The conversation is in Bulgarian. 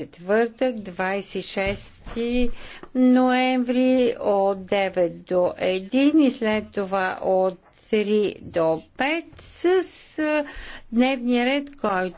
четвъртък, 26 ноември от 9 до 1 и след това от 3 до 5 с дневния ред, който